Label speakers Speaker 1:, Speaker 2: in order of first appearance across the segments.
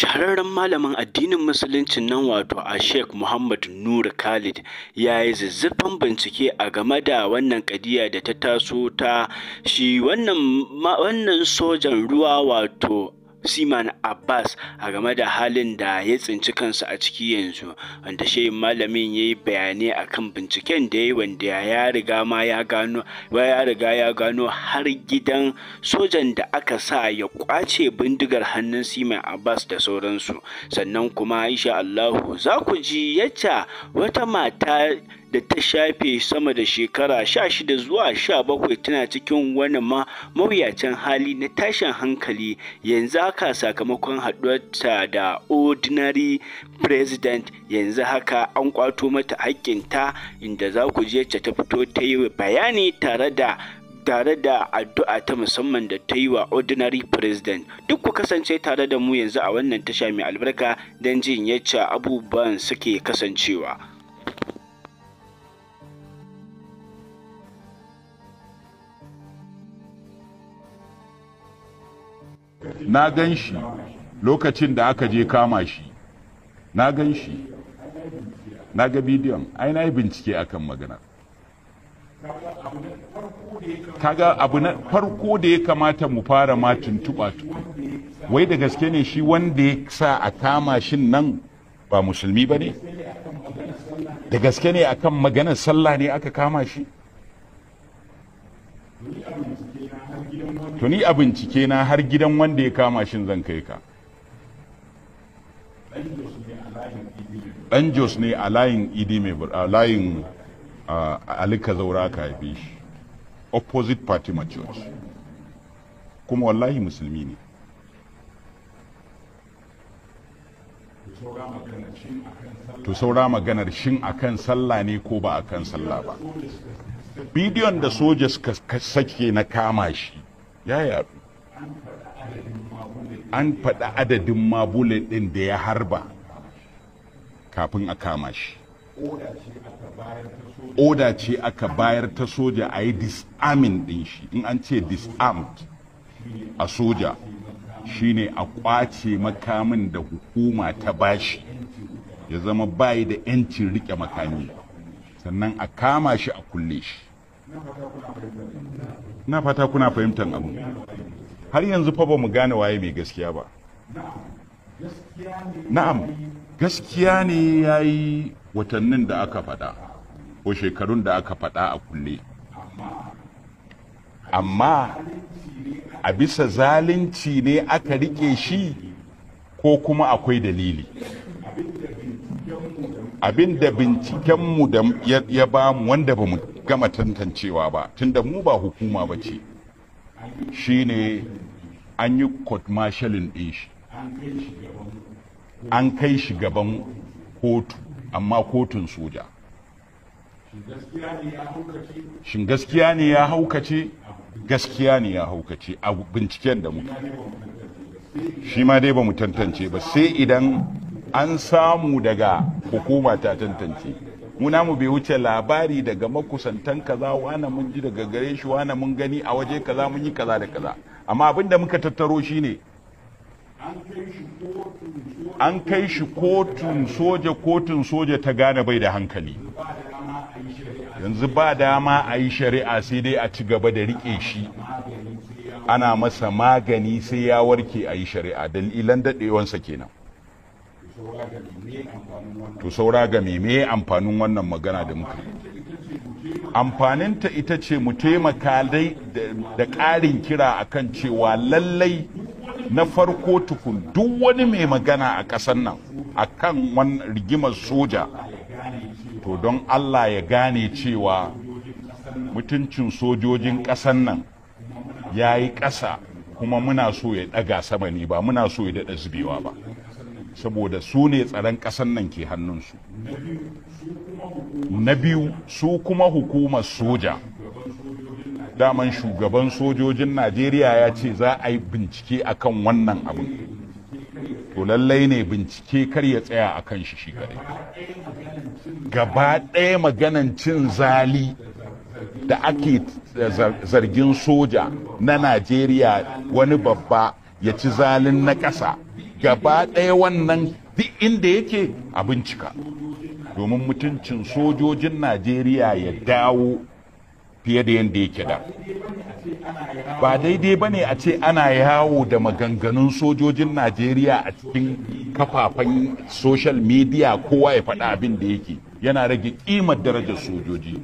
Speaker 1: shahararren malamin addinin musulunci nan wato a sheikh muhammad nur khalid ya yi zazzafan bincike a game da wannan kadiya da ta taso ta shi wannan sojan ruwa wato siman abbas a game da halin da ya tsinci kansa a ciki yanzu wanda shi malamin ya yi bayanai kan binciken da ya yi wanda ya riga ma ya gano ya riga ya gano har gidan sojan da aka sa ya kwace bindigar hannun siman abbas da sauransu sannan kuma Aisha allahu za ku ji yacca wata mata da ta shafe sama da shekara sha shida zuwa sha bakwai tana cikin wani ma mawuyacin hali na tashin hankali yanzu haka sakamakon haɗuwarta da ordinary president yanzu haka an kwato mata haƙƙinta inda za ku je ta fito ta yi bayani tare da tare da addu'a ta musamman da ta yi wa ordinary president duk ku kasance tare da mu yanzu a wannan tasha mai albarka don jin yacca abubuwan suke kasancewa.
Speaker 2: na gan shi lokacin da aka je kama shi na gan shi na ga bidiyon ai na yi bincike akan magana kaga abu na farko da ya kamata mu fara ma tuntuɓa wai da gaske ne shi wanda ya sa a kama shi nan ba musulmi ba ne da gaske ne akan maganar sallah ne aka kama shi Tuni a bincike na har gidan wanda ya kama shin zan kai ka dan jos ne a layin idi mai a layin alika zaura ka haifi shi opposite party church kuma wallahi musulmi ne to saura maganar shin akan sallah ne ko ba akan sallah ba bidiyon da soja suka sake na kama shi ya yaɗu an faɗi adadin mabule ɗin da ya harba kafin a kama shi oda ce aka bayar ta soja a yi disarming ɗin shi in an ce disarmed a soja shine a kwace makamin da hukuma ta bashi ya zama bayi da 'yancin riƙe makami sannan a kama shi a kulle shi na fata kuna fahimtar abu har yanzu fa ba mu gane waye mai gaskiya ba na'am gaskiya ne ya yi watannin da aka faɗa ko shekarun da aka faɗa a kulle amma a bisa zalunci ne aka rike shi ko kuma akwai dalili abin da bincikenmu da ya ba mu wanda ba mu gama tantancewa ba tunda mu ba hukuma ba ce Shi ne an yi court marshalin ɗin shi an kai shi gaban kotu amma kotun soja shin gaskiya ne ya haukace gaskiya ne ya haukace a binciken da muke. shi ma dai ba mu tantance ba sai idan an samu daga hukuma ta tantance muna mu bai wuce labari daga makusantan kaza wana mun ji daga gare shi wana mun gani a waje kaza mun yi kaza da kaza amma abin da muka tattaro shi ne. an kai shi kotun soja kotun soja ta gane bai da hankali yanzu ba dama a yi shari'a sai dai a ci gaba da rike shi ana masa magani sai ya warke a yi shari'a dalilan daɗewansa kenan to saura ga me amfanin wannan magana da muka amfaninta ita ce mu taimaka dai da ƙarin kira akan cewa lallai na farko tukun duk wani mai magana a ƙasar nan akan kan rigimar soja to don Allah ya gane cewa mutuncin sojojin ƙasar nan ya yi ƙasa kuma muna so ya ɗaga sama ne ba muna so ya daɗa zubewa ba saboda su ne tsaron ƙasan nan ke hannunsu na biyu su kuma hukumar soja daman shugaban sojojin najeriya ya ce za a yi bincike akan wannan abin to lallai ne bincike kar ya tsaya a kan shi shi kadai gaba ɗaya maganan cin zali da ake eh, zargin soja na najeriya wani babba ya ci zalin na ƙasa gaba ɗaya wannan duk inda yake a bincika domin mutuncin sojojin najeriya ya dawo fiye da yadda yake da ba daidai ba ne a ce ana yawo da maganganun sojojin najeriya a cikin kafafen social media kowa ya faɗa abin da yake yana rage ƙimar darajar sojoji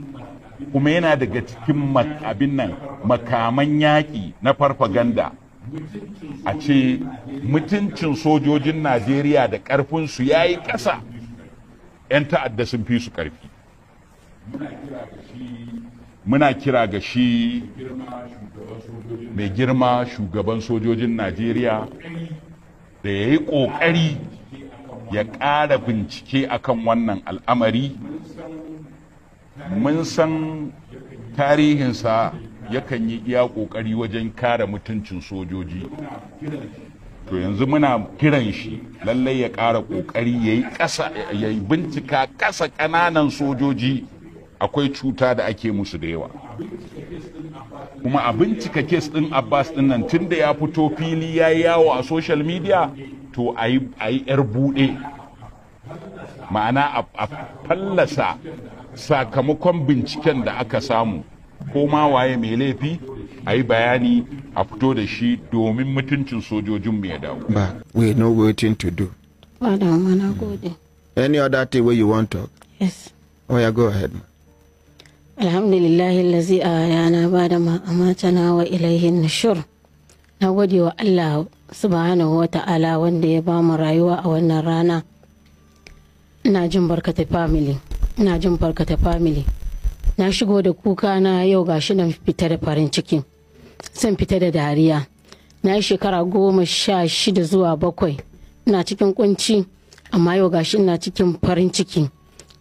Speaker 2: kuma yana daga cikin abin nan makaman yaƙi na farfaganda a ce mutuncin sojojin najeriya da ƙarfinsu ya yi ƙasa 'yan ta'adda sun fi su ƙarfi muna kira ga shi mai girma shugaban sojojin najeriya da ya yi ƙoƙari ya ƙara bincike akan wannan al'amari mun san tarihinsa yakan yi iya ƙoƙari wajen kare mutuncin sojoji to yanzu muna kiran shi lallai ya ƙara ƙoƙari ya yi kasa ya yi bincika ƙasa ƙananan sojoji akwai cuta da ake musu da yawa kuma a bincika kes ɗin abbas ɗin nan tun da ya fito fili ya yi yawo a social media to a yi 'yar buɗe ma'ana a fallasa sakamakon binciken da aka samu ko ma waye mai laifi a yi bayani a fito da shi domin mutuncin sojojin mu ya dawo. Ba,
Speaker 1: we know waiting to do.
Speaker 3: Father, na gode.
Speaker 1: Any other thing where you want to? Yes. Oh yeah, go ahead.
Speaker 3: Alhamdulillahi lazi a yana ba da na wa na nashur. Na gode wa Allah subhanahu wa ta'ala wanda ya ba mu rayuwa a wannan rana. Ina jin barkata family. Ina jin barkata family. na shigo da kuka na yau gashi nan fita da farin ciki zan fita da dariya na yi shekara goma sha shida zuwa bakwai ina cikin kunci amma yau gashi ina cikin farin ciki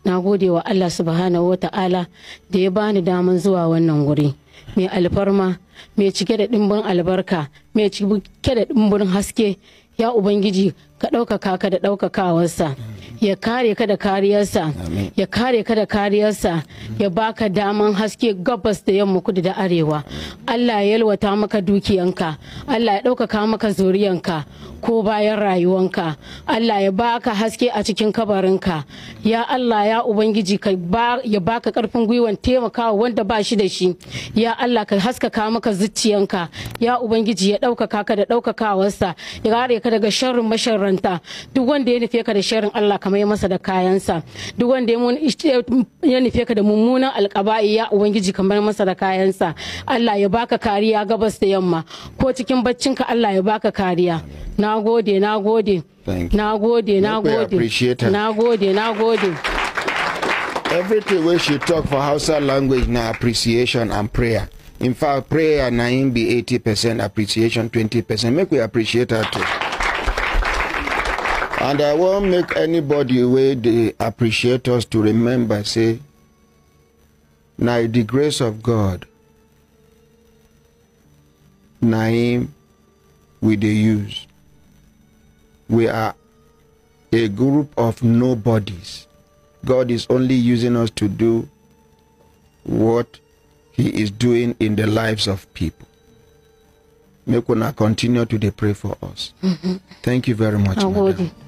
Speaker 3: na gode wa allah subhanahu wata'ala da ya bani daman zuwa wannan wuri mai alfarma mai cike da dimbin albarka mai cike da ɗimbin haske ya ubangiji ka ɗaukaka ka da ɗaukakawarsa ya kare ka da kariyarsa ya kare ka da kariyarsa ya baka daman haske gabas da yamma kudu da arewa Allah ya yalwata maka dukiyanka Allah ya ɗaukaka maka zuriyanka ko bayan rayuwanka Allah ya baka haske a cikin kabarinka ya Allah ya ubangiji ya baka karfin gwiwan taimakawa wanda ba shi da shi ya Allah ka haskaka maka zuciyanka ya ubangiji ya ɗaukaka ka da ɗaukakawarsa ya kare ka daga sharrin masharranta duk wanda ya nufe ka da sharrin Allah kamar masa da kayansa duk wanda ya ya nufe ka da mummunan alkaba'i ya ubangiji kamar masa da kayansa Allah ya baka kariya gabas da yamma ko cikin baccinka Allah ya baka kariya nagode nagode nagode nagode nagode nagode
Speaker 1: everything wey she talk for hausa language na appreciation and prayer in fact prayer na him be 80 percent appreciation 20 percent make we appreciate her too and i won't make anybody wey they appreciate us to remember say now the grace of god Naim, we the use we are a group of nobodies god is only using us to do what he is doing in the lives of people May una continue to pray for us mm-hmm. thank you very much
Speaker 3: madam.